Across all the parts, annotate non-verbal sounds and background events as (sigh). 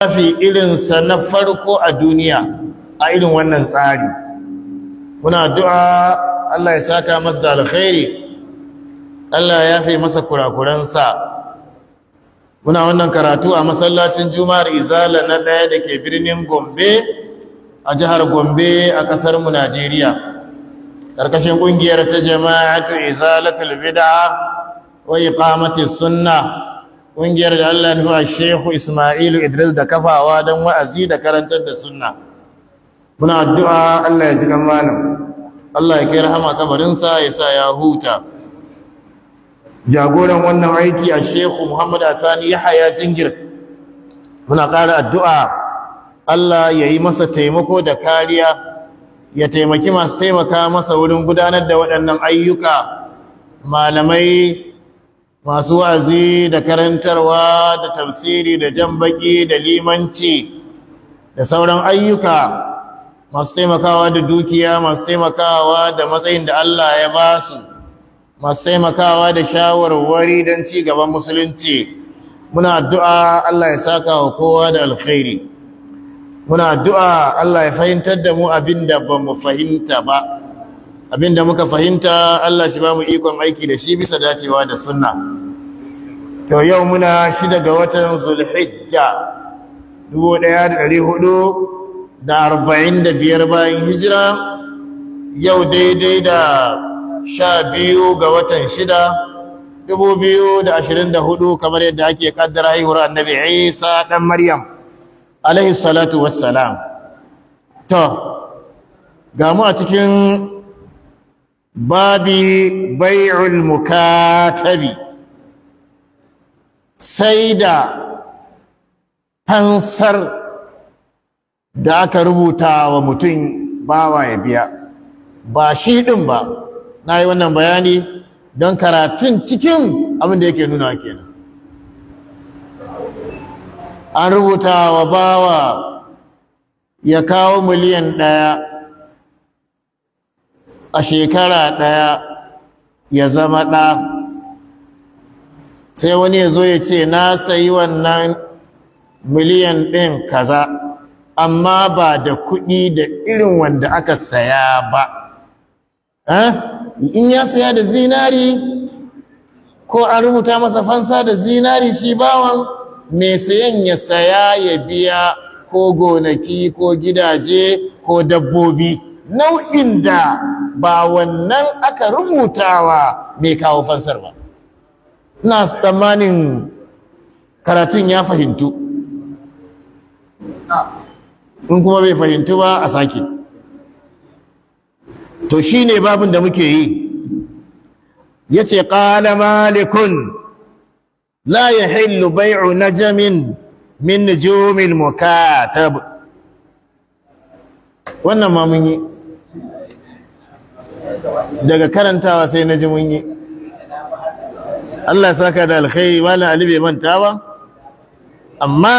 littafi irinsa na farko a duniya a irin wannan tsari muna du'a Allah ya saka masa da alkhairi Allah ya fi masa kurakuransa muna wannan karatu a masallacin juma'ar izala na ɗaya da ke birnin gombe a jihar gombe a ƙasarmu najeriya ƙarƙashin ƙungiyar ta jama'a jama'atu izalatul bid'a wa iqamati sunna ƙungiyar da Allah nufa Shehu Ismailu Idris da kafawa don wa'azi da karantar da sunna muna addu'a Allah ya ji malam Allah ya kai rahama kabarinsa ya sa ya huta jagoran wannan aiki a Shehu Muhammad Asani Yahaya Jingir muna ƙara addu'a Allah ya yi masa taimako da kariya ya taimaki masu taimaka masa wurin gudanar da waɗannan ayyuka malamai masu wazi da karantarwa da tafsiri da jambaki da limanci da sauran ayyuka masu taimakawa da dukiya masu taimakawa da matsayin da Allah ya ba su masu taimakawa da shawarwari don ci gaban musulunci muna addu'a Allah ya saka wa kowa da alkhairi muna addu'a Allah ya fahimtar da mu abin da ba mu fahimta ba Abin da muka fahimta Allah shi ba mu ikon aiki da shi bisa dacewa da sunna to yau muna shida ga watan zulhijja dubu ɗaya da ɗari hudu da arba'in da biyar bayan hijira yau daidai da sha biyu ga watan shida dubu biyu da ashirin da hudu kamar yadda ake kaddara haihuwar annabi isa ɗan maryam alaihi salatu wassalam to ga mu a cikin babi bai'ul mukatabi sai da fansar da aka rubuta wa mutum bawa ya biya ba shi ɗin ba na yi wannan bayani don karatun cikin abin da yake nuna kenan an rubuta wa bawa ya kawo miliyan ɗaya a shekara ɗaya ya zama ɗa sai wani ya zo ya ce na sayi wannan miliyan ɗin kaza amma ba da kuɗi da irin wanda aka saya ba in ya saya da zinari ko an rubuta masa fansa da zinari shi bawan mai sayan ya saya ya biya ko gonaki ko gidaje ko dabbobi nau'in da ba wannan aka rubutawa mai kawo fansar ba ina tsammanin karatun ya fahimtu in kuma bai fahimtu ba a sake to shi ne babin da muke yi Ya ce ƙala malikun la yahillu bai'u najamin min nujumil mukatab wannan ma mun yi daga karantawa sai na ji mun yi Allah saka da alkhairi wala Ali bai manta ba amma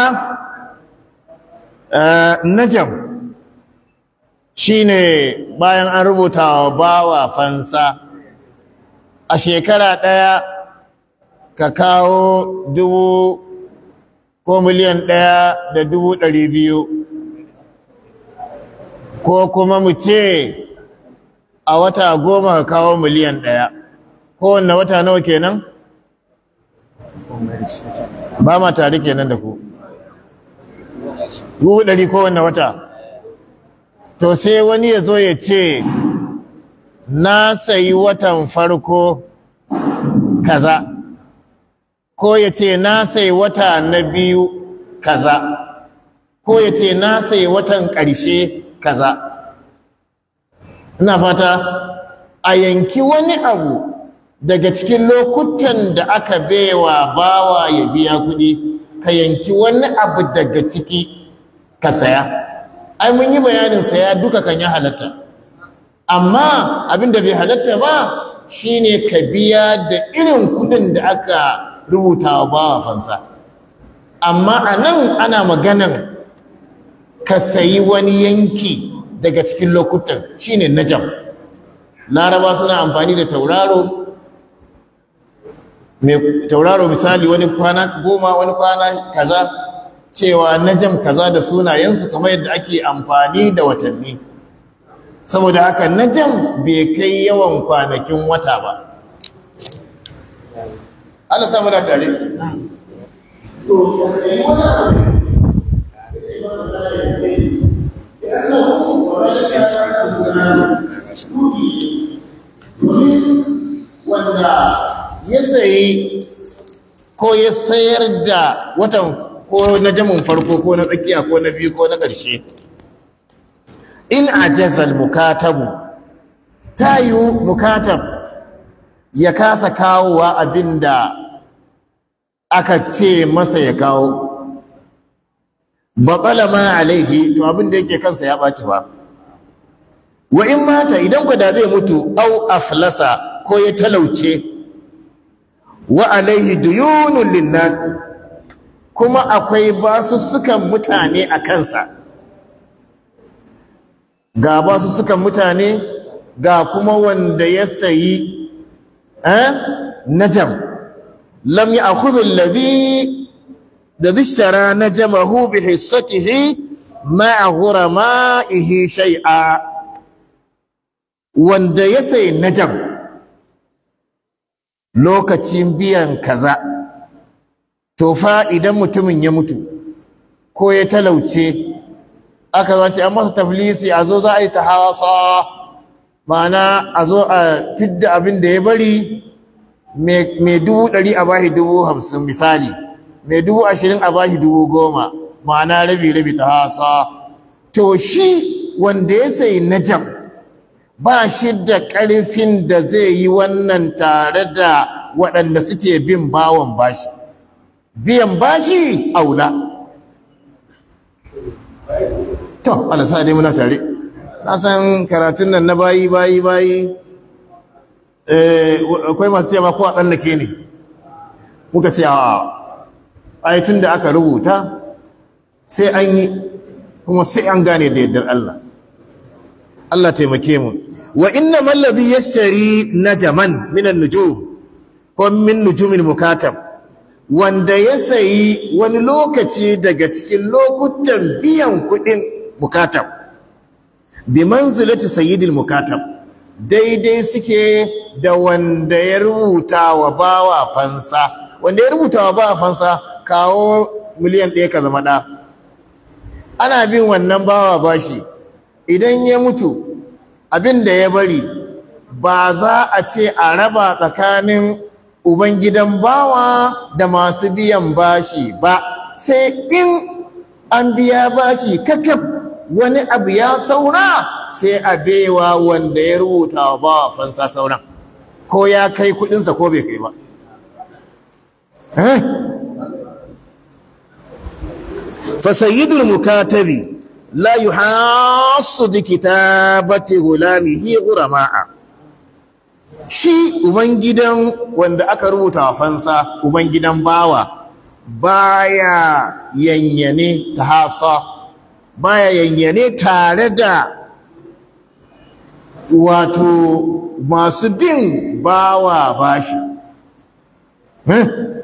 eh, najam shine bayan an rubuta wa bawa fansa a shekara ɗaya ka kawo dubu ko miliyan ɗaya da dubu ɗari biyu ko kuma mu ce a wata goma ka kawo miliyan ɗaya kowanne wata nawa kenan ba ma tare kenan da ku dubu ɗari kowanne wata to sai wani ya zo ya ce na sayi watan farko kaza ko ya ce na sayi wata na biyu kaza ko ya ce na sayi watan ƙarshe kaza ina fata a yanki wani abu daga cikin lokutan da aka bewa bawa ya biya kuɗi ka yanki wani abu daga ciki ka saya ai mun yi bayanin saya duka kan yi halatta amma abin da bai halatta ba shine ka biya da irin kuɗin da aka rubuta wa bawa fansa amma a nan ana maganan ka sayi wani yanki daga cikin lokutan shine najam laraba suna amfani da tauraro mai tauraro misali wani kwana goma wani kwana kaza cewa najam kaza da sunayensu kamar yadda ake amfani da watanni saboda haka najam bai kai yawan kwanakin wata ba Allah samu da tare to domin wanda ya sayi ko ya sayar da watan ko na jamin farko ko na tsakiya ko na biyu ko na ƙarshe in ajazal mukatabu ta yi bukatab ya kasa kawowa da aka ce masa ya kawo batala ma alaihi to abin da yake kansa ya ɓaci ba wa in mata idan ku da zai mutu au aflasa ko ya talauce wa alaihi duyunun linnas kuma akwai basussukan mutane a kansa ga basussukan mutane ga kuma wanda ya sayi eh, najam lam ya akhudhu alladhi da zishtara na jamahu bi hissatihi ma ihi shai'a wanda ya sai najam lokacin biyan kaza to fa idan mutumin ya mutu ko ya talauce aka zance an masa taflisi a zo za a yi ta tahasa ma'ana a zo a fidda abin da ya bari mai dubu ɗari a bahi dubu hamsin misali mai dubu ashirin a bashi dubu goma ma'ana rabi rabi ta hasa to shi wanda ya sayi najam ba shi da ƙarfin da zai yi wannan tare da waɗanda suke bin bawan bashi biyan bashi aula to alasa dai muna tare na san karatun nan na bayi bayi bayi eh, akwai masu cewa ko a tsallake ne muka ce a ayatun da aka rubuta sai an yi kuma sai an gane da yardar Allah Allah taimake mu wa inna mallabi Yashari shari najaman minan an-nujum ko min nujumin mukatab wanda ya sayi wani lokaci daga cikin lokutan biyan kuɗin mukatab bi manzilati sayyidil mukatab daidai suke da wanda ya rubuta wa bawa fansa wanda ya rubuta wa bawa fansa kawo miliyan ɗaya ka zama ɗa ana bin wannan bawa bashi idan ya mutu abin da ya bari ba za a ce a raba tsakanin ubangidan bawa da masu biyan bashi ba sai in an biya bashi kakaf wani abu ya saura sai a baiwa wanda ya rubuta wa bawa fansa sauran ko ya kai kudinsa ko bai kai ba eh? fa sayyidul mukatabi la yuhassu bi kitabati gulamihi ghurama'a shi ubangidan wanda aka rubuta fansa ubangidan bawa baya yanyane baya yanyane tare da wato masu bin bawa bashi eh?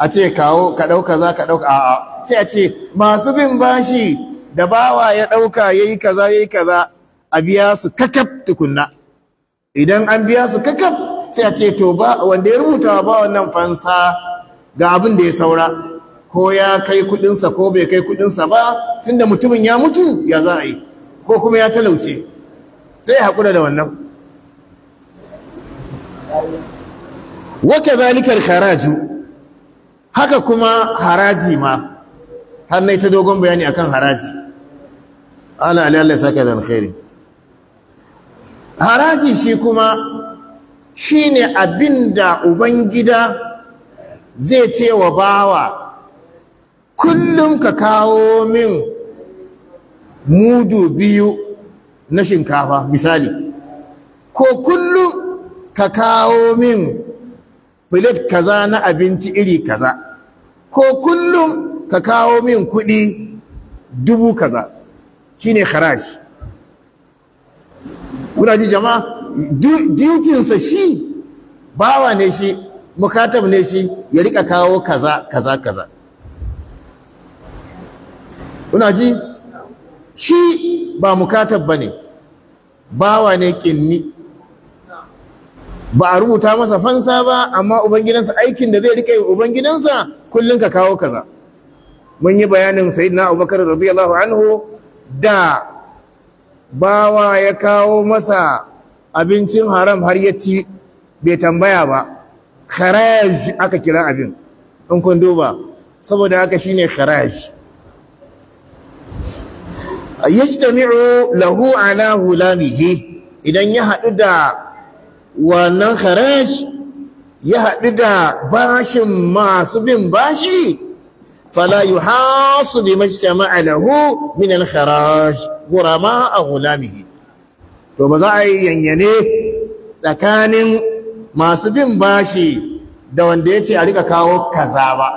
a ce kawo ka ɗauka za ka ɗauka a'a sai a ce masu bin bashi da bawa ya ɗauka ya yi kaza ya yi kaza a biya su kakaf tukunna idan an biya su kakaf sai a ce to ba wanda ya rubuta ba wannan fansa ga abin da ya saura ko ya kai kuɗinsa ko bai kai kuɗinsa ba tunda mutumin ya mutu ya za a yi ko kuma ya talauce sai ya haƙura da wannan waka zalikar kharaju haka kuma haraji ma har na ta dogon bayani akan haraji ala ali saka da alkhairi haraji shi kuma shi ne abin da ubangida zai ce wa bawa kullum ka kawo min mudu biyu na shinkafa misali ko kullum ka kawo min filet kaza na abinci iri kaza ko kullum ka kawo min kuɗi dubu kaza shine haraji kuna ji jama'a dutinsa shi bawa ne shi mukatab ne shi ya rika kawo kaza kaza kaza kuna ji shi ba mukatab bane bawa ne kinni ba a rubuta masa fansa ba amma ubangidansa aikin da zai rika yi ubangidansa kullum ka kawo kaza mun yi bayanin sayyidina abubakar radiyallahu anhu da bawa ya kawo masa abincin haram har ya ci bai tambaya ba kharaj aka kira abin in kun duba saboda haka shine kharaj yajtami'u lahu ala hulamihi idan ya haɗu da wannan kharash ya haɗu da bashin masu bin bashi fala yuhasu bi majtama'a lahu min al-kharash gurama a gulamihi to ba za a yi yanyane tsakanin masu bin bashi da wanda ya ce a rika kawo kaza ba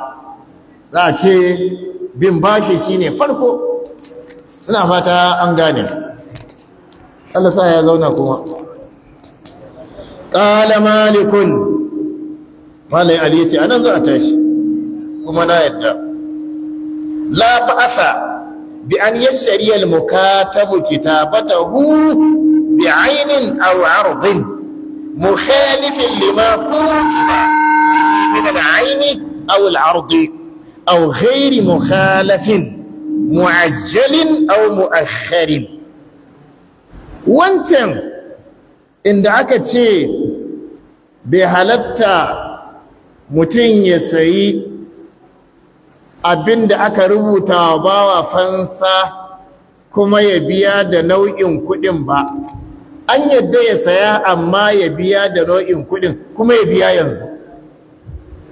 za a ce bin bashi shine farko Suna fata an gane Allah sa ya zauna kuma ƙala malikun malai ali ce anan za a tashi kuma na yadda la asa bi an yashari al mukatabu kitabatahu bi ainihin ainin aw mu halifin lima kutiba min al aini aw al ardi aw ghairi mukhalafin mu'ajjalin aw mu'akhkharin wancan inda aka ce bai halatta mutum ya sayi abin da aka rubuta wa bawa fansa kuma ya biya da nau'in kuɗin ba an yadda ya saya amma ya biya da nau'in kuɗin kuma ya biya yanzu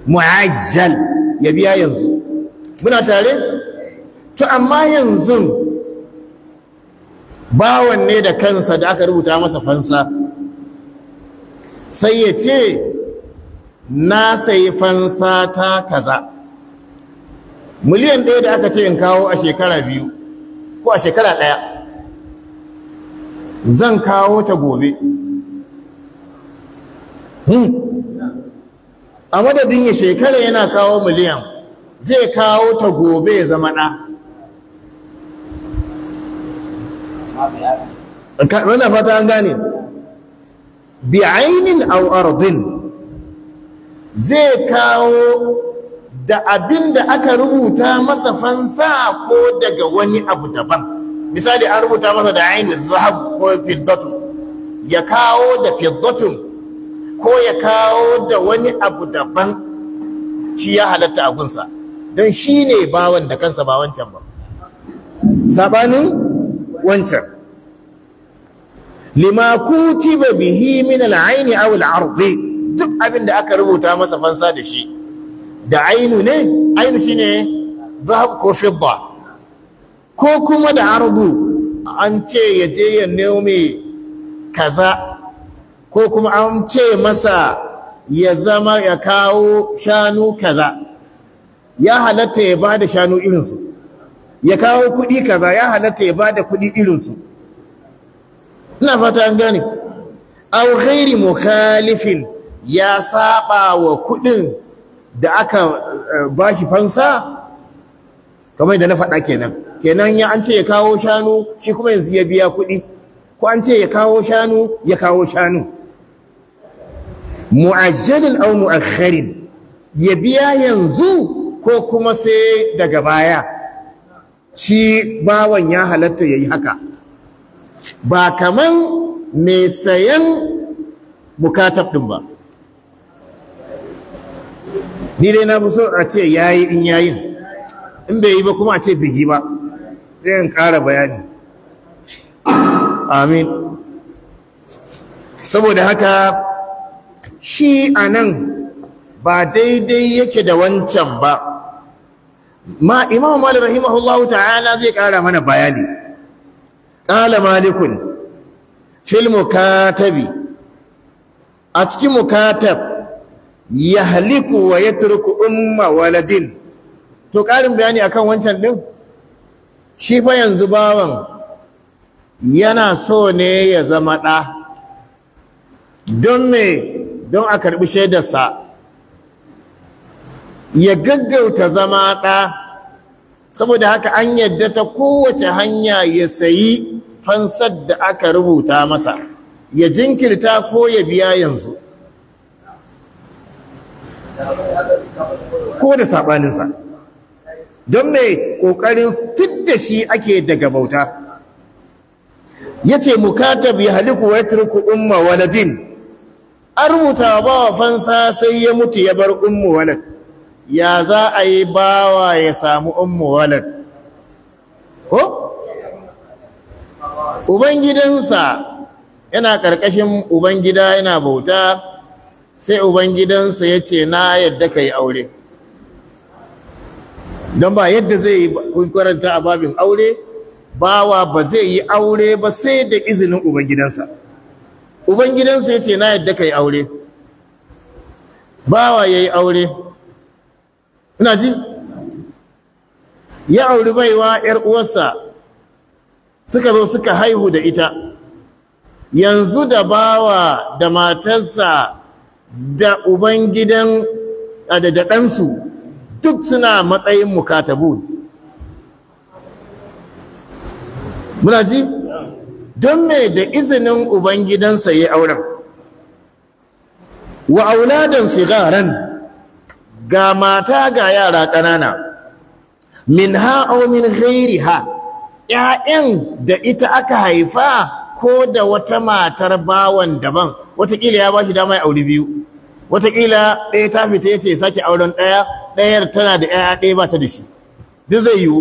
mu'ajjal ya biya yanzu muna tare to amma yanzu bawan ne da kansa da aka rubuta masa fansa sai ya ce na sayi fansa ta kaza miliyan ɗaya da aka ce in kawo a shekara biyu ko a shekara ɗaya zan kawo ta gobe hmm. a madadin ya shekara yana kawo miliyan zai kawo ta gobe ya zama ɗa wannan fata an gane bi'ainin au ardin zai kawo da abin da aka rubuta masa fansa ko daga wani abu daban misali an rubuta masa da ainin zahab ko fiddatu ya kawo da fiddatu ko ya kawo da wani abu daban shi ya halatta abunsa don shi ne bawan da kansa ba wancan ba sabanin wancan lima kutiba bihi min al-aini aw al duk abin da aka rubuta masa fansa da shi da ainu ne ainu shine zahab ko fidda ko kuma da ardu an ce ya je ya nemi kaza ko kuma an ce masa ya zama ya kawo shanu kaza ya halatta ya bada shanu irinsu ya kawo kuɗi kaza ya halatta ya bada kuɗi irinsu ina fata an gane aw ghairi mukhalifin ya saba wa kudin da aka eh, bashi fansa kamar da na faɗa kenan kenan ya an ce ya kawo shanu shi kuma yanzu ya biya kuɗi ko an ce ya kawo shanu ya kawo shanu mu'ajjalin aw mu'akhkharin ya biya yanzu ko kuma sai daga baya shi bawan ya halatta yayi haka ba kaman mai sayan bukatar ɗin ba ni dai na fi so a ce yayi in yin, in bai yi ba kuma a ce bigi ba zai in ƙara bayani amin saboda haka shi a nan ba daidai yake da wancan ba ma imam malik rahimahullahu ta'ala zai ƙara mana bayani ƙala malikun fil mukatabi a cikin mukatab haliku wa turku umma waladin to ƙarin bayani akan wancan ɗin? shi fa yanzu bawan yana so ne ya zama ɗa don me don a karɓi shaidarsa ya gaggauta zama ɗa saboda haka an yadda ta kowace hanya ya sayi fansar da aka rubuta masa ya jinkirta ko ya biya yanzu ko da saɓaninsa don mai ƙoƙarin fidda shi ake daga bauta ya ce mukatab ya haliku wa turku umma waladin an rubuta bawa fansa sai ya mutu ya bar umma walad ya za a yi bawa ya samu umma walad ko? ubangidansa yana ƙarƙashin ubangida yana bauta sai ubangidansa ya ce na yadda ka yi aure don ba yadda zai yi kwaranta a babin aure bawa ba zai yi aure ba sai da izinin ubangidansa ubangidansa ya ce na yadda ka yi aure bawa ya yi aure ina ji ya auri baiwa 'yar uwarsa suka zo suka haihu da ita yanzu da bawa da matarsa da ubangidan da ɗansu duk suna matsayin mukatabu muna ji don me da izinin ubangidansa ya auren wa auladan sigaran ga mata ga yara ƙanana min ha min ghairi ha ‘ya'yan da ita aka haifa ko da wata matar bawan daban wataƙila ya ba shi dama ya biyu wataƙila ɗaya ta fita ya ce sake auren ɗaya ɗayar tana da ‘ya'ya ɗaya ba ta da shi duk zai yiwu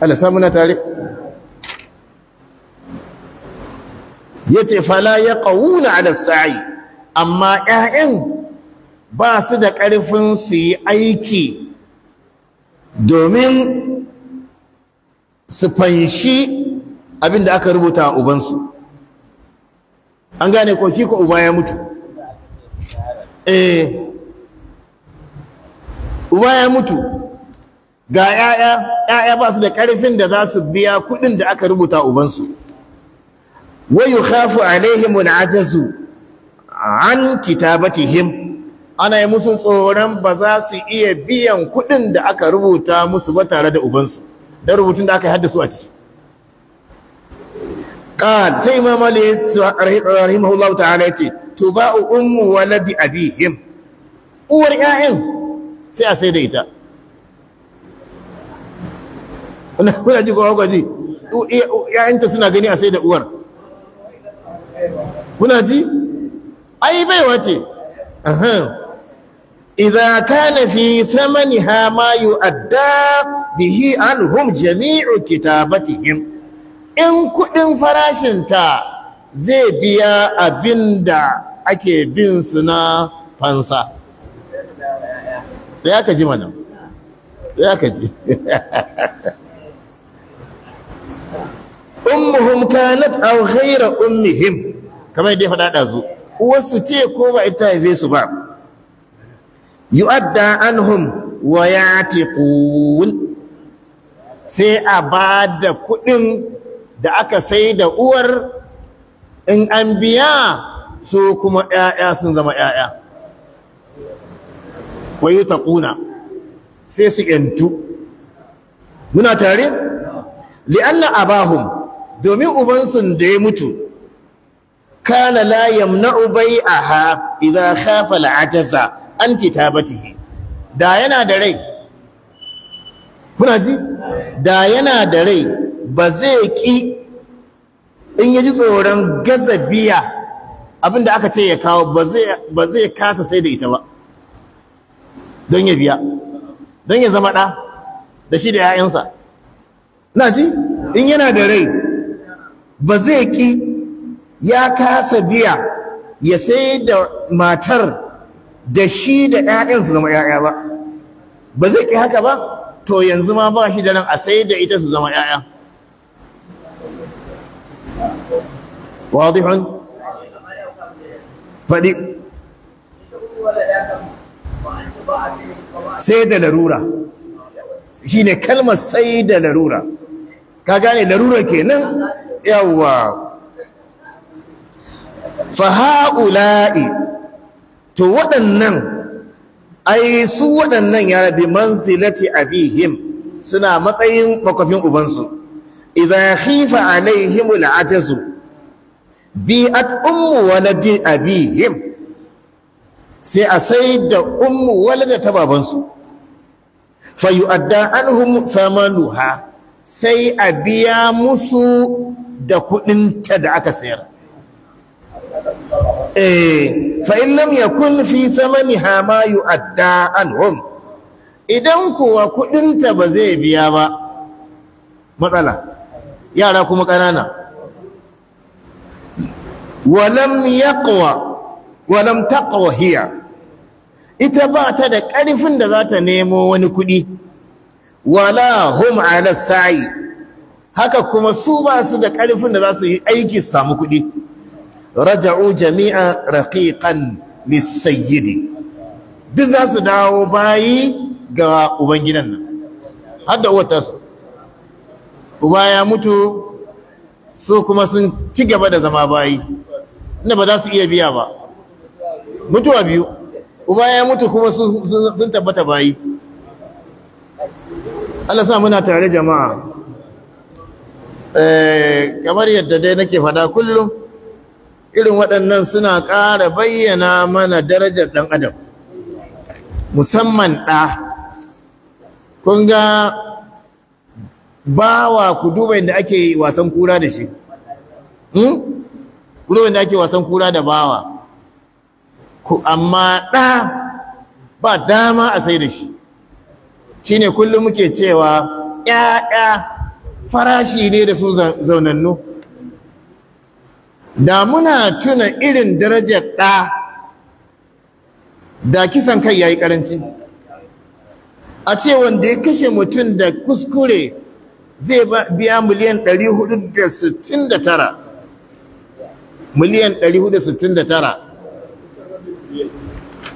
Allah samu na tare ya ce fala ya ƙauna ala sa'i amma ‘ya'yan ba su da ƙarfin su yi aiki domin su fanshi abin da aka rubuta a ubansu an gane ko ko uba ya mutu eh uba ya mutu ga 'ya'ya 'ya'ya ba su da ƙarfin da za su biya kuɗin da aka rubuta ubansu wa yukhafu alaihim al'ajazu an kitabatihim ana yi musu tsoron ba za su iya biyan kuɗin da aka rubuta musu ba tare da ubansu da rubutun da aka yi haddasu a ciki qal sai ce, to rahimahullahu ta'ala yace tuba'u ummu bi abihim uwar 'ya'yan sai a sai da ita kuna ji kowa gwaji ‘ya'yanta suna gani a sai da uwar kuna ji ai baiwa ce إذا كان في ثمنها ما يؤدى به عنهم جميع كتابتهم إن كن فراشنتا زي بيا أبندا أكي بنسنا فانسا يا كجي مانا يا كجي أمهم كانت أو غير أمهم كما يدي فدا دازو wasu ce ko ba ita haife yu'adda anhum wa ya'tiqun sai a ba da kuɗin da aka sai da uwar in an biya su kuma 'ya'ya sun zama ƴaƴa ta ƙuna sai su yantu muna tare li'anna abahum domin ubansu da ya mutu كان لا يمنع بيعها إذا خاف العجز an kitabatihi da yana da rai kuna ji da yana da rai ba zai ki in yaji tsoron gaza biya abinda aka ce ya kawo ba zai kasa sai da ita ba don ya biya don ya zama ɗa da shi da 'ya'yansa na ji in yana da rai ba zai ki ya kasa biya ya sai da matar da shi da ƴaƴan su zama ƴaƴa ba ba zai ki haka ba to yanzu ma ba shi da nan a sai da ita su zama ƴaƴa wadihun faɗi sai da larura ne kalmar sai da larura ka gane larura kenan yawwa fa ha'ula'i to waɗannan ai su waɗannan ya rabi manzilati abihim suna matsayin makwafin ubansu idza khifa alaihim al'ajazu bi'at ummu waladi abihim sai a sai da ummu walada ta babansu fa yu'adda anhum thamanuha sai a biya musu da kuɗinta da aka sayar eh fa in lam kun fi thamaniha ma adda anhum idan kuwa kudinta ba zai biya ba matsala yara kuma kanana walam yaqwa walam taqwa hiya ita ba ta da ƙarfin da za ta nemo wani kuɗi wala hum ala sa'i haka kuma su ba su da ƙarfin da za su yi aiki su samu kuɗi raja'u jami'a raqiqan lis-sayyidi duk za su dawo bayi ga ubangidan nan har da uwar su. uba ya mutu su kuma sun ci gaba da zama bayi inda ba za su iya biya ba mutuwa biyu uba ya mutu kuma sun tabbata bayi Allah sa muna tare jama'a eh, kamar yadda dai nake fada kullum irin waɗannan suna ƙara bayyana mana darajar ɗan adam musamman ɗa kun ga bawa ku duba inda ake wasan kura da shi hmm? ku duba inda ake wasan kura da bawa ku. amma ɗa ba dama a sai da shi shine kullum muke cewa ƴaƴa farashi ne da su zaunannu da muna tuna irin darajar ɗa da kisan kai ya yi karanci a ce wanda ya kashe mutum da kuskure zai biya miliyan 469 miliyan 469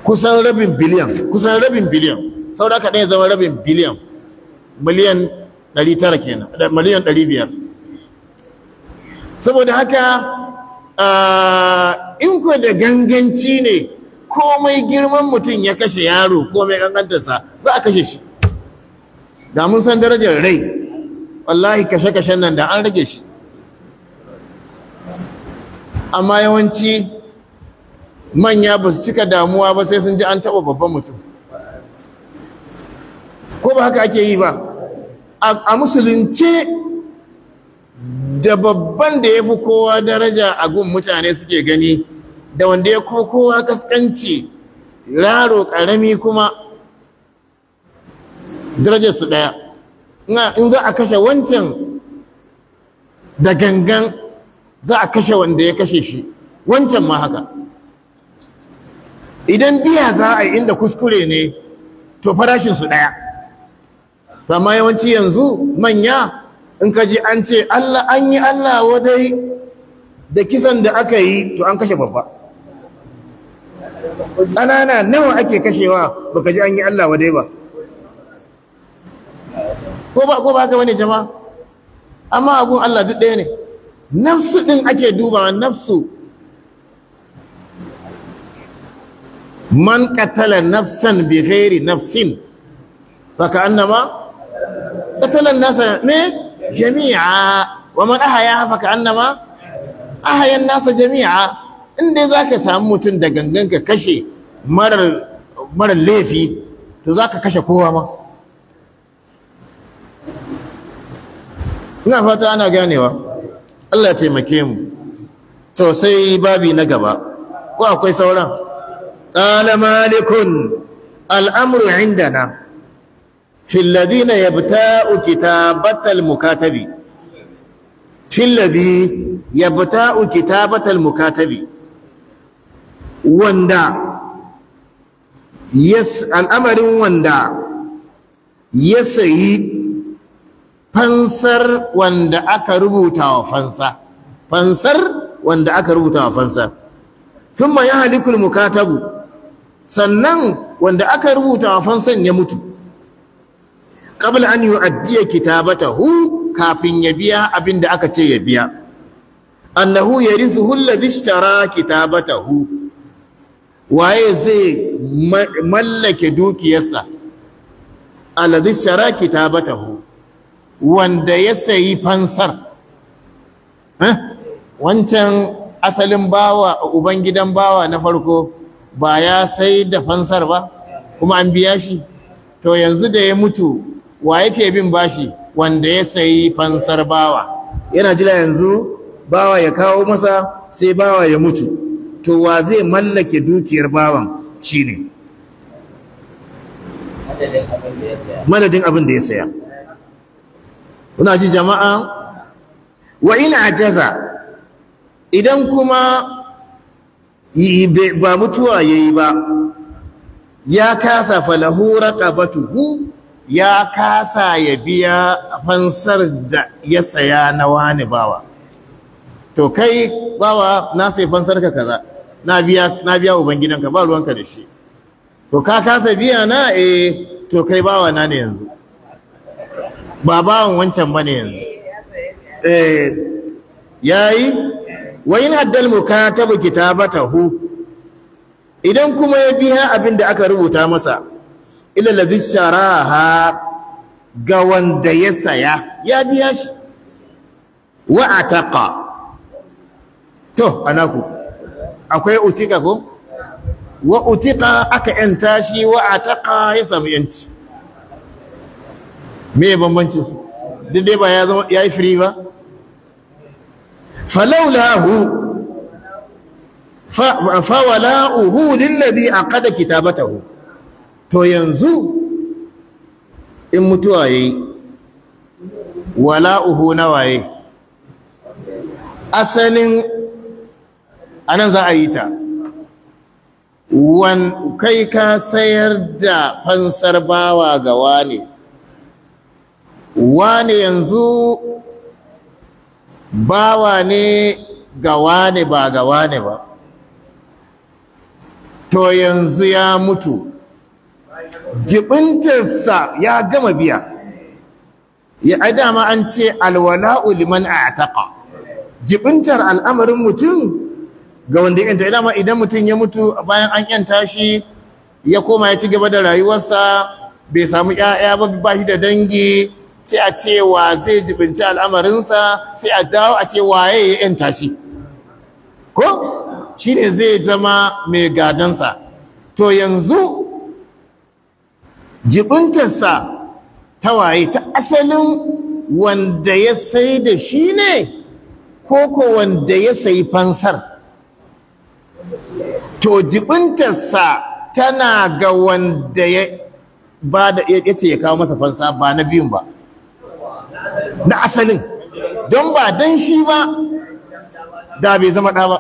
kusan rabin biliyan kusan rabin biliyan saboda haka ɗaya zama rabin biliyan miliyan 900 kenan miliyan 500 saboda haka in ko da ganganci ne komai girman mutum ya kashe yaro komai gangantarsa za a kashe shi da mun san darajar rai wallahi kashe-kashen nan da an rage shi amma yawanci manya ba su cika damuwa ba sai sun ji an taɓa babban mutum ko ba haka ake yi ba a musulunce da babban da ya fi kowa daraja a gun mutane suke gani da wanda ya kuma kowa kaskanci raro ƙarami kuma su ɗaya in za a kashe wancan da gangan za a kashe wanda ya kashe shi wancan ma haka idan biya za a yi inda kuskure ne to farashin su ɗaya amma yawanci yanzu manya in ka ji an ce Allah an yi Allah wadai da kisan da aka yi to an kashe babba ƙanana nawa ake kashewa ba ka ji an yi Allah wadai ba ko ba ko ba ka bane jama'a amma abun Allah duk ɗaya ne nafsu din ake dubawa nafsu man katala nafsan bi ghairi nafsin fa annama qatala nasa ne jami'a wa man ahaya ka annama ahayan nasa jami'a in dai zaka samu mutum da gangan ka kashe marar marar laifi to zaka kashe kowa ma ina fata ana ganewa Allah ya taimake mu to sai babi na gaba ko akwai sauran qala malikun al'amru indana fil ladina yabta'u kitabatal mukatabi fil ladhi mukatabi wanda al'amarin wanda ya sayi fansar wanda aka rubuta wa fansa fansar wanda aka rubuta wa fansa thumma yahlikul mukatabu sannan wanda aka rubutawa fansan ya mutu qabla an yu'addiya kitabatahu kafin ya biya abin da aka ce ya biya annahu yarithuhu alladhi ishtara kitabatahu waye zai mallake dukiyarsa alladhi ishtara kitabatahu wanda ya sayi fansar wancan asalin bawa uban bawa na farko ba ya sai da fansar ba kuma an biya shi to yanzu da ya mutu wa yake bin bashi wanda ya sayi fansar bawa yana jira yanzu bawa ya kawo masa sai bawa ya mutu to wa zai mallake dukiyar bawan shine madadin abin da ya saya kuna ji jama'a wa in ajaza idan kuma ba mutuwa yayi ba ya kasa falahu raqabatuhu ya kasa ya biya fansar da ya saya na wani bawa to kai bawa na sai fansar ka kaza na biya na biya ba ruwanka da shi to ka kasa biya na eh to kai bawa na ne yanzu ba bawan wancan ba ne yanzu eh yayi wa in haddal mukatabu kitabatahu idan kuma ya biya abin da aka rubuta masa ila ladhi sharaha ga wanda ya saya ya biya shi wa ataqa to anaku akwai utika ko wa utika aka yanta shi wa ataqa ya samu yanci me bambanci su duk dai ba ya zama yayi free ba falaulahu فولاه للذي عقد كتابته to yanzu in mutuwa yayi wala'uhu na waye asalin anan za a yi ta Wani kai ka sayar da fansar bawa ga wane wane yanzu bawa ne ga wane ba ga wane ba to yanzu ya mutu jibintarsa ya gama biya ya ai dama an ce alwala'u liman taƙa jibintar al'amarin mutum ga wanda yanta dama idan mutum ya mutu bayan an yanta shi ya koma ya ci gaba da rayuwarsa bai samu ƴaƴa ba ba shi da dangi sai a ce wa zai jibinci al'amarinsa sai a dawo a ce waye ya yanta shi ko shi ne zai zama mai gadansa to yanzu jibintarsa ta waye ta asalin wanda ya sai da shi ne ko ko wanda ya sayi fansar to jibintarsa tana ga wanda ya ba da ya ce ya kawo masa fansa ba na biyun ba na asalin don ba don shi ba da bai zama ɗa ba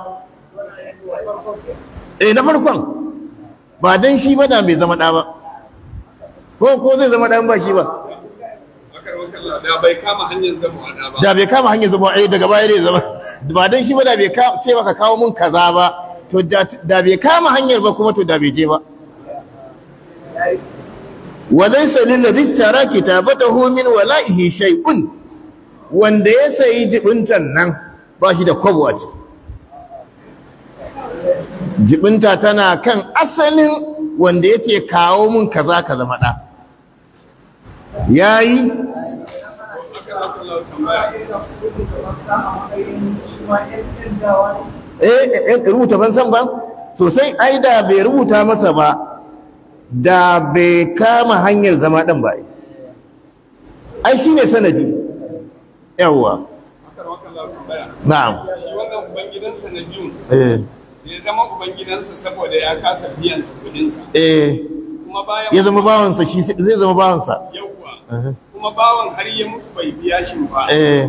eh na farkon ba don shi ba da bai zama ɗa ba ko ko zai zama dan bashi ba da bai kama hanyar zama ba da bai kama hanyar zama ai eh, daga baya ne zama ba dan shi ba da bai ce baka kawo mun kaza ba to da bai kama hanyar ba kuma to da bai je ba وليس للذي اشترى كتابته من ولائه shaikun. wanda ya sayi jibintan nan ba shi da kwabo a ciki jibinta tana kan asalin wanda ya ce kawo mun kaza ka zama ɗa ya yi eh, eh, eh, rubuta ban san ba sosai ai da bai rubuta masa ba da bai kama hanyar zama ɗan ba ai shi ne sanadi yawwa na'am ya zama ubangidansa saboda ya kasa biyan sa kudinsa eh kuma bayan ya zama bawansa shi zai zama bawansa yau Uh-huh. kuma bawan har ya mutu bai biya shi ba eh.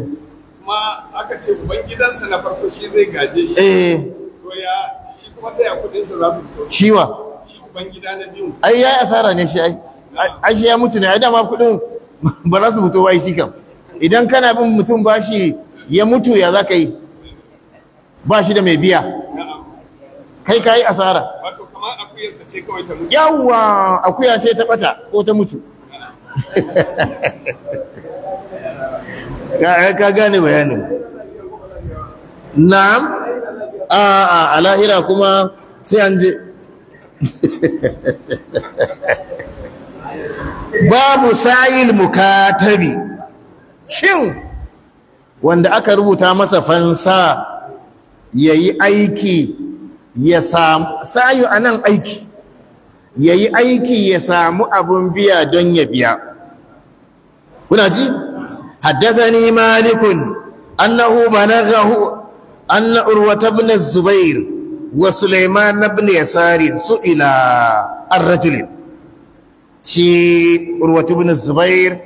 kuma aka ce gidansa na farko shi zai gaje shi eh. to ya shi kuma sai ya kudin sa za su fito shi wa shi gida na biyu ai ya asara ne shi ai ah. ai shi ya mutu ne ai dama kudin (laughs) ba za su fito ba shi kam idan kana bin mutum bashi ya mutu ya zaka yi ba shi da mai biya kai ka yi asara yawwa akuya ce ta bata ko ta mutu ka gane bayanin na'am a a kuma sai an je babu sa'il mukatabi shin wanda aka rubuta masa fansa ya yi aiki ya samu sayu a nan aiki ya yi aiki ya samu abun biya don ya biya kuna ji haddathani malikun annahu balaghahu anna urwata ibn zubair wa sulaiman ibn yasar su ila rajul shi urwata ibn zubair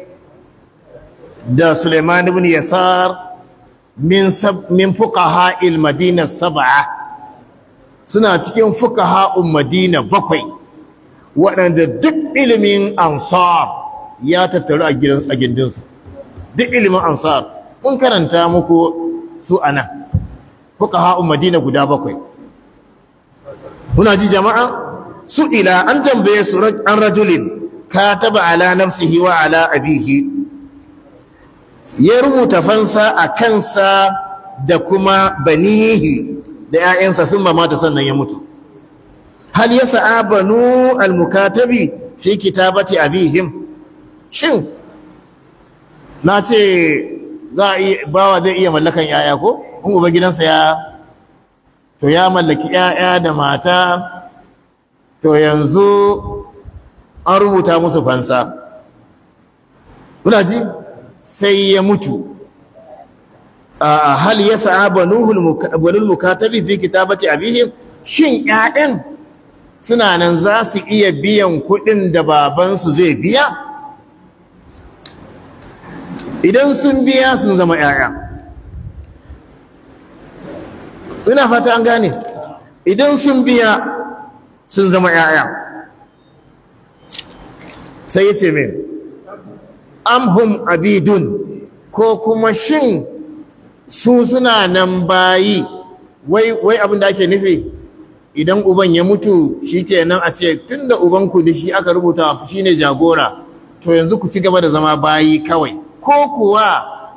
da sulaiman na yasar min min fuka al-madina sab'a suna cikin fuka ha'un madina bakwai waɗanda duk ilimin ansar ya tattaru a gindinsu duk ilimin ansar mun karanta muku su a nan kuka ha'un madina guda bakwai Muna ji jama'a su ila an tambaye su an rajulin ka taba ala nafsihi wa ala abihi ya rubuta fansa a kansa da kuma banihi da 'ya'yansa sun mamata sannan ya mutu hal yasa banu al-mukatabi fi kitabati abihim shin na ce za a yi bawa zai iya mallakan yaya ko in uba gidansa ya to ya mallaki yaya da mata to yanzu an rubuta musu fansa kuna ji sai ya mutu hal yasa banuhul mukatabi fi kitabati abihim shin ƴaƴan suna nan za su iya biyan kuɗin da babansu zai biya idan sun biya sun zama 'ya'ya ina fata an gane idan sun biya sun zama 'ya'ya sai ya ce min amhum abidun ko kuma shin su suna nan bayi wai abin da ake nufi idan uban ya mutu shi shikenan a ce tunda uban ku da shi aka rubuta wa ne jagora to yanzu ku ci gaba da zama bayi kawai ko kuwa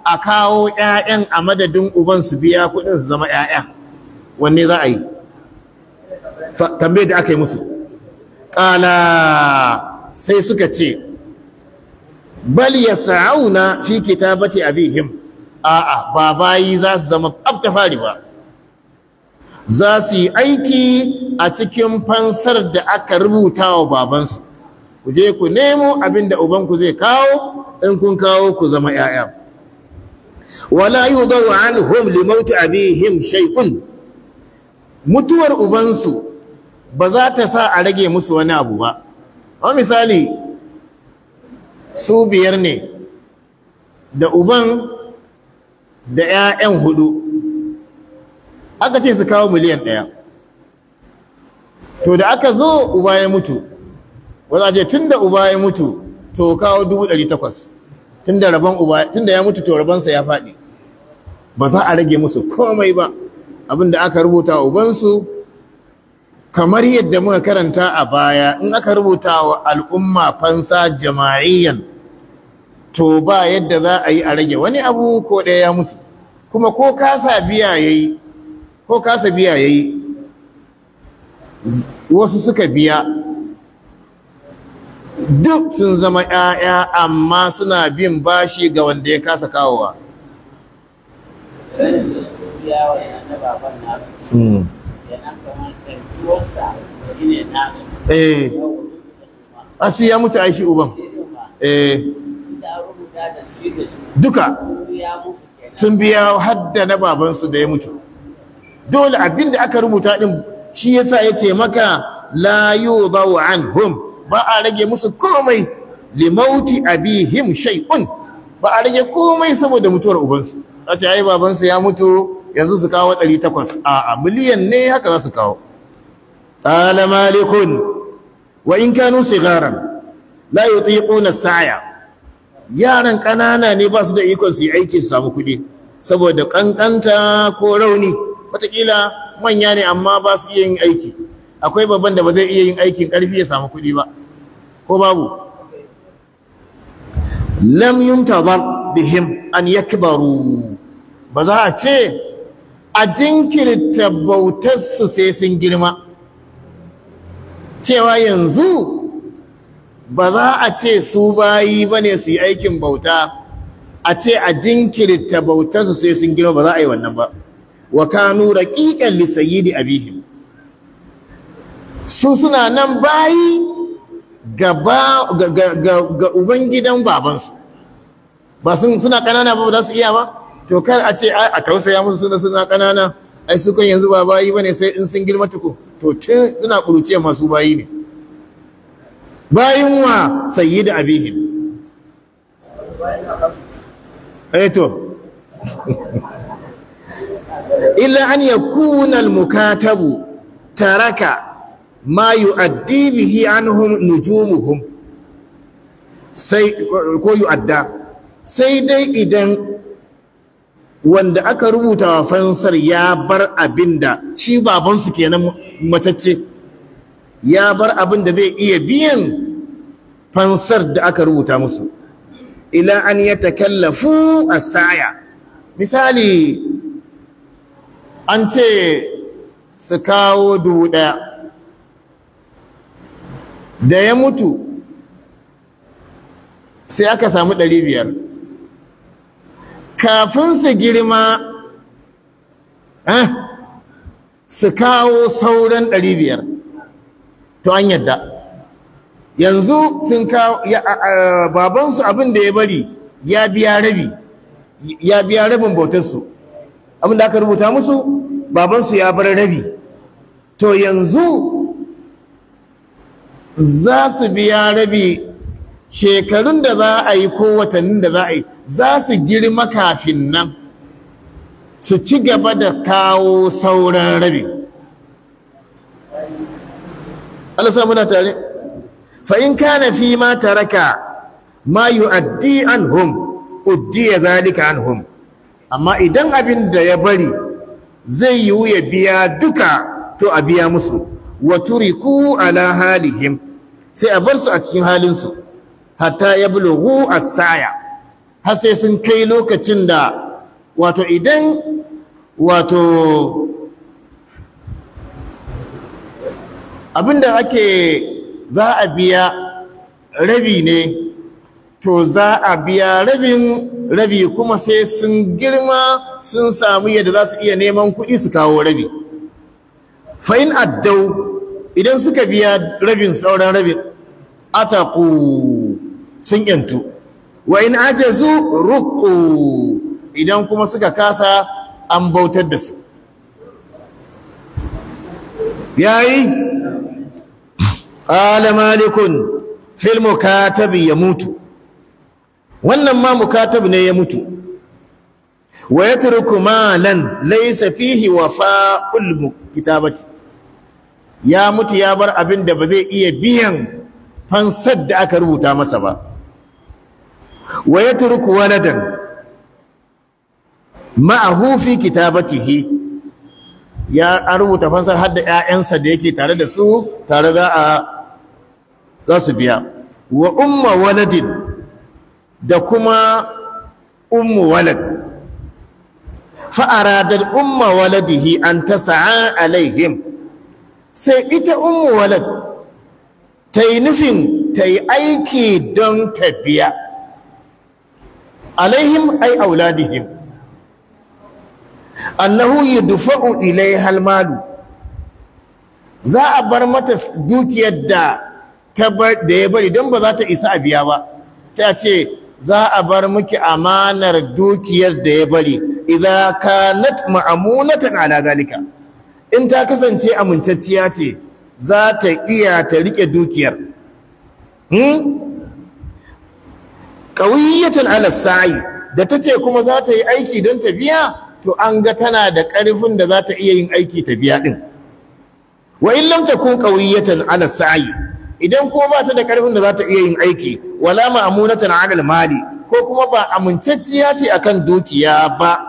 a kawo 'ya'yan a madadin uban su biya kuɗin su zama ƴaƴa wanne za a yi tambayar da aka yi musu ƙala sai suka ce bal yas'auna fi kitabati abihim a'a ba bayi za su zama abta fari ba za su yi aiki a cikin fansar da aka rubuta wa babansu ku je ku nemo abin da ubanku zai kawo in kun kawo ku zama 'ya'ya wala yudaw anhum him abihim shay'un mutuwar ubansu ba za ta sa a rage musu wani abu ba a misali su biyar ne da uban da 'ya'yan hudu aka ce su kawo miliyan ɗaya to da aka zo uba ya mutu wanda ce tun da uba ya mutu to kawo dubu ɗari takwas tun da ya mutu to rabansa ya faɗi ba za a rage musu komai ba abin da aka rubuta wa ubansu kamar yadda muka karanta a baya in aka rubuta wa al'umma fansa jama'iyyan to ba yadda za a yi a rage wani abu ko ɗaya ya mutu kuma ko kasa biya ya yi ko kasa biya ya yi, wasu suka biya duk sun zama 'ya'ya amma suna bin bashi ga wanda ya kasa kawowa asu hmm. eh. ah, ya mutu aishi uban eh. duka sun biya hadda na babansu da ya mutu dole abin da aka rubuta din shi yasa ya ce maka la yudaw anhum ba a rage musu komai limauti abihim shay'un ba a rage komai saboda mutuwar ubansu a ai babansu ya mutu yanzu su kawo 800 a'a miliyan ne haka za su kawo qala malikun wa in kanu sigaran la yutiquna sa'ya yaran kanana ne ba su da ikon su yi aiki su samu kuɗi saboda kankanta ko rauni Wataƙila manya ne amma ba su iya yin aiki akwai babban da ba zai iya yin aikin karfi ya samu kuɗi ba ko babu lam yuntazar bihim an yakbaru ba za a ce a jinkirta bautarsu sai sun girma cewa yanzu ba za a ce su bayi ba ne su yi aikin bauta a ce a jinkirta bautarsu sai sun girma ba za a yi wannan ba wa kanu raqiqan li sayyidi abihim su suna nan bayi ga ubangidan babansu ba sun suna kanana ba ba za su iya ba to kar a ce a tausaya musu suna suna kanana ai su kan yanzu ba bayi bane sai in sun girma tuku to tun suna kuruciya masu bayi ne bayin wa sayyid abihim eh to (laughs) illa an yakuna al-mukatabu taraka mayu, yu'addi bihi anhum nujumuhum sai ko yu'adda sai dai idan wanda aka rubuta wa fansar ya bar abinda shi babansu kenan matacce ya bar abin da zai iya biyan fansar da aka rubuta musu ila an yatakallafu as-sa'ya misali an ce su kawo dubu ɗaya da ya mutu sai aka samu ɗari biyar kafin su girma eh, su kawo sauran ɗari biyar to an yadda yanzu sun kawo babansu abin da ya bari ya biya rabi ya biya rabin bautarsu abin da aka rubuta musu babansu ya bar rabi to yanzu za su biya rabi shekarun da za a yi ko watannin da za a yi za su girma kafin nan su ci gaba da kawo sauran rabi Allah sa muna tare fa in kana fi ma taraka ma yu'addi anhum uddiya zalika anhum amma idan abin da ya bari zai yiwu ya biya duka to a biya musu waturiku turiku ala halihim sai a bar su a cikin halinsu hatta ya bulughu a saya har sai sun kai lokacin da wato idan wato abinda ake za a biya rabi ne to za a biya rabin rabi kuma sai sun girma sun samu yadda za su iya neman kuɗi su kawo rabi fa'in addau idan suka biya rabin sauran rabin ataku sun yantu wa in ajazu ruku idan kuma suka kasa an bautar da su Ya yayi alamalikun ka fil ya mutu? wannan ma mukatab ne ya mutu wa yatruku malan laysa fihi wafa'ul kitabati ya mutu ya bar abin da ba zai iya biyan fansar da aka rubuta masa ba wa yatruku waladan ma'ahu fi kitabatihi ya an rubuta fansar har da ƴaƴansa da yake tare da su tare za a za su biya wa umma waladin da kuma ummu walad fa'aradar umma waladihi an ta sa'a alaihim sai ita ummu walad ta yi nufin ta yi aiki don tafiya alaihim ai auladihim annahu yudfa'u ilai malu za a bar mata dukiyar da ya bari don ba za ta isa a biya ba sai a ce za a bar miki amanar dukiyar da ya bari idza kanat ma'amunatan ala zalika in ta kasance amincacciya ce za ta iya ta rike dukiyar hmm qawiyatan ala sa'i da tace kuma za ta yi aiki don ta biya to an ga tana da ƙarfin da za ta iya yin aiki ta biya din wa in lam takun qawiyatan ala sa'i idan ko ba ta da ƙarfin da za ta iya yin aiki wala ma'munatan 'ala mali ko kuma ba amintacciya ce akan dukiya ba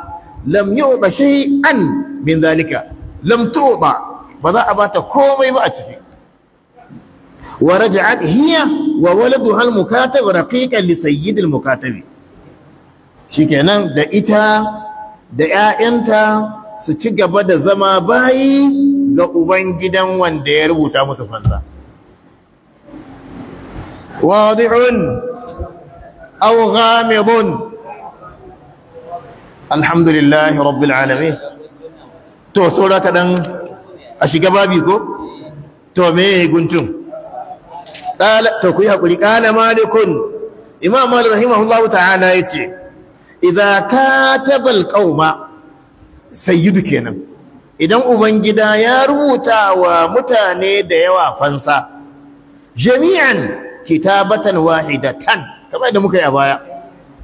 lam yu'ta shay'an min zalika lam tu'ta ba za a bata komai ba a ciki wa raj'at hiya wa waladuha al-mukatab raqiqan li sayyid al-mukatab shikenan da ita da ƴaƴanta su ci gaba da zama bayi ga uban gidan wanda ya rubuta musu fansa واضع أو غامض الحمد لله رب العالمين to saura kaɗan a shiga babi ko to me guntun to ku yi haƙuri ƙala malikun imam malik rahimahullahu ta'ala ya ce idza katabal qauma sayyidu kenan idan ubangida ya rubuta wa mutane da yawa fansa jami'an kitabatan wahidatan kamar da muka yi a baya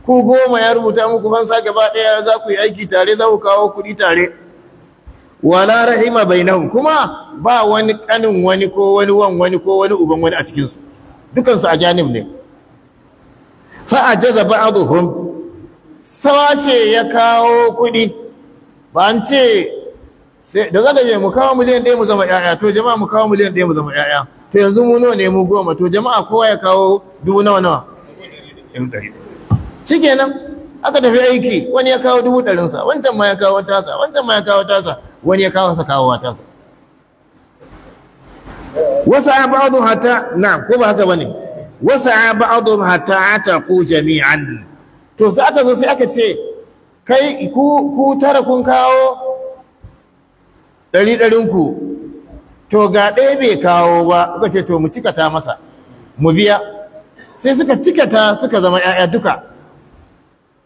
ku goma ya rubuta muku fansa gaba daya za ku yi aiki tare za ku kawo kuɗi tare wala rahima bainahum kuma ba wani kanin wani ko wani wan wani ko wani uban wani a cikin su dukan su janib ne fa ajaza ba'dhum sawace ya kawo kuɗi ba an ce da zaka je mu kawo miliyan ɗaya mu zama ƴaƴa to jama'a mu kawo miliyan ɗaya mu zama ƴaƴa to yanzu mu nawa ne mu goma to jama'a kowa ya kawo dubu nawa nawa shikenan aka tafi aiki wani ya kawo dubu ɗarin sa wancan ma ya kawo tasa wancan ma ya kawo tasa wani ya kawo sa kawo tasa wasa ba'du hata na ko ba haka bane wasa hata ta ku jami'an to sai aka zo sai aka ce kai ku ku tara kun kawo ɗari ɗarin ku to ga ɗaya bai kawo ba suka ce to mu cikata masa mu biya sai suka cikata suka zama ‘ya'ya duka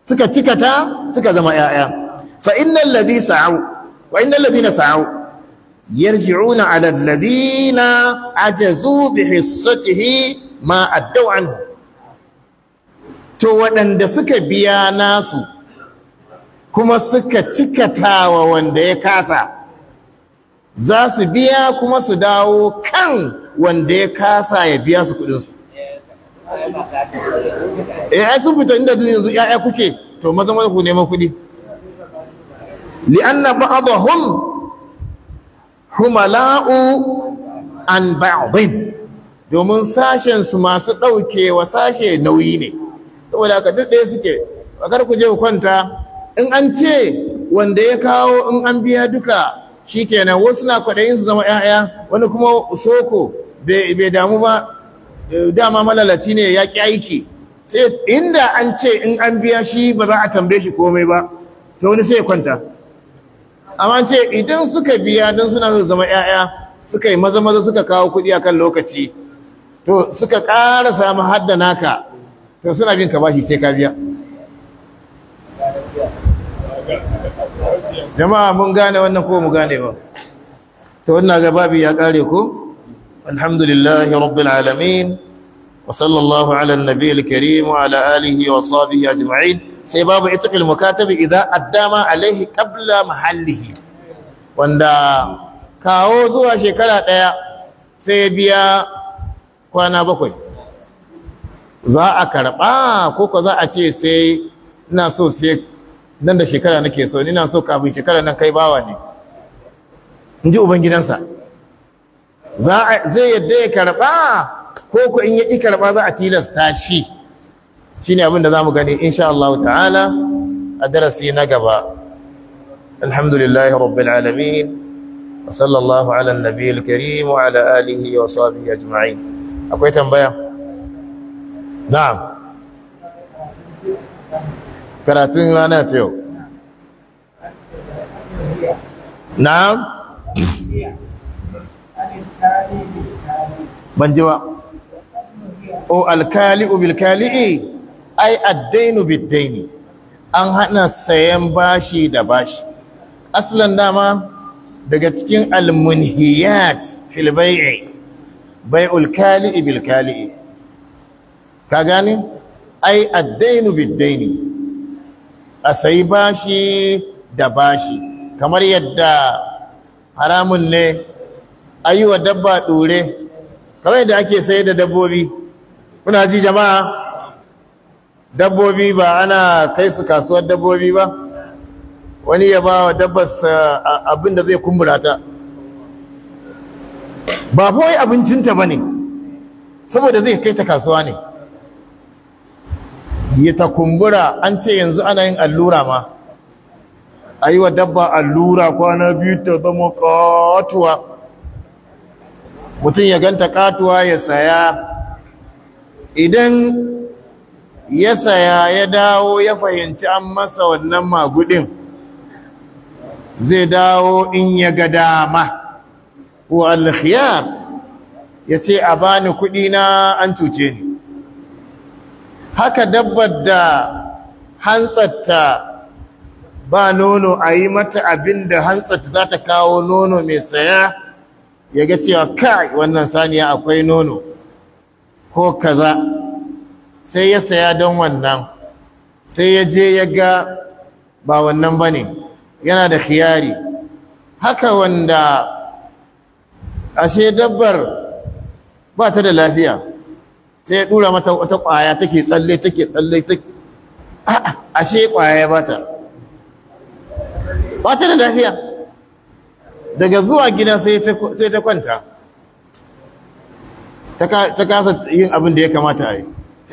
suka cikata suka zama ‘ya'ya fa innal ladhi sa'u wa innal ladhina sa'u yarji'una 'ala alladhina ajazu bi hissatihi ma addaw anhu to waɗanda suka biya nasu kuma suka wa wanda ya kasa za su biya kuma su dawo kan wanda ya kasa ya biya su kuɗinsu eh ai sun fita inda yanzu ya'ya kuke to maza wani ku neman kuɗi li'anna ba'dahum humala'u an ba'dhin domin sashen su masu ɗaukewa sashe nauyi ne saboda ka duk ɗaya suke kar ku je ku kwanta in an ce wanda ya kawo in an biya duka shikenan wasu na kwaɗayin su zama 'ya'ya wani kuma soko bai damu ba dama malalaci ne ya ƙi aiki sai inda an ce in an biya shi ba za a tambaye shi komai ba ta wani sai ya kwanta amma ce idan suka biya don suna zai zama 'ya'ya suka yi maza maza suka kawo kuɗi kan lokaci to suka ƙara samu haddana ka, to suna bin ka bashi sai ka biya jama'a mun gane wannan ko mu gane ba Ta wannan ga ya kare ku alhamdulillahi rabbil alamin wa sallallahu ala nabiyil karim wa ala alihi wa sahbihi ajma'in sai babu itiqil mukatabi idza addama alaihi qabla mahallihi wanda kawo zuwa shekara daya sai biya kwana bakwai za a karɓa ko ko za a ce sai ina so sai nan da shekara nake so ina so kafin shekara nan kai bawa ne in ji ubangidansa zai yadda ya karɓa ko ku in ya ƙi karɓa za a tilasta shi shi ne abin da za mu gani insha Allah ta'ala a darasi na gaba alhamdulillahi rabbil alamin wa sallallahu ala nabiyil karim wa ala alihi wa sahbihi ajma'in akwai tambaya na'am karatun rana ta yau na'am ban ji ba o alkali'u bilkali'i ai addainu biddaini an hana sayan bashi da bashi aslan dama daga cikin almunhiyat fil bai bai'ul kali'i ka gani ai addainu biddaini a sayi bashi da bashi kamar yadda haramun ne a yi wa dabba ɗure kamar yadda ake sayar da dabbobi kuna ji jama'a dabbobi ba ana kai su kasuwar dabbobi ba wani ya ba wa dabbas abin da zai kumburata. ba kawai abincinta ba ne saboda zai kai ta kasuwa ne ya ta kumbura an ce yanzu ana yin allura ma a yi wa dabba allura kwana biyu ta zama katuwa mutum ya ganta katuwa ya saya idan ya saya ya dawo ya fahimci an masa wannan magudin zai dawo in ya ga dama ko alkhiyar ya ce a bani kudina an cuce ni haka dabbar da hantsatta ba nono a yi mata abin da hantsatta za ta kawo nono mai saya ya ga cewa kai wannan saniya akwai nono ko kaza sai ya saya don wannan sai ya je ya ga ba wannan ba ne yana da khiyari haka wanda ashe dabbar ba ta da lafiya sai ya dura mata wata kwaya take tsalle take tsalle take ashe kwaya ya ba ta da lafiya daga zuwa gida sai ta kwanta ta kasa yin abin da ya kamata a yi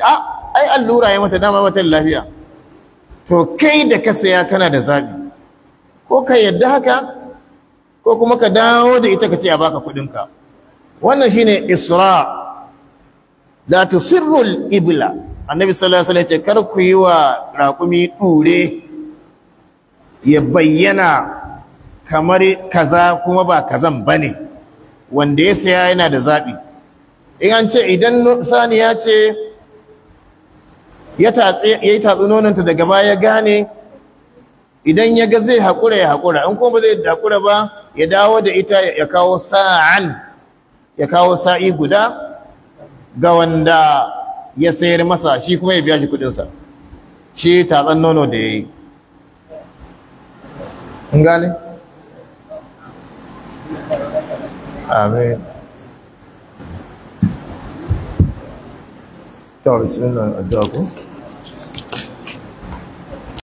a ai allura ya mata dama mata lafiya to kai da ka saya kana da zaɓi, ko ka yadda haka ko kuma ka dawo da ita ka ce a baka kuɗinka. wannan shine isra' la tusirrul ibla annabi sallallahu alaihi wasallam kar ku yi wa raƙumi ɗure ya bayyana kamar kaza kuma ba kazan bane wanda ya saya yana da zaɓi in an ce idan sani ya ce ya yi tatsi nononta daga baya gane idan ya ga zai hakura ya hakura in kuma ba zai haƙura ba ya dawo da ita ya kawo sa'an ya kawo sa'i guda ga wanda ya sayar masa shi kuma ya biya shi kudinsa shi tatsan nono da ya yi gane? amin wasu bismillah addu'a ku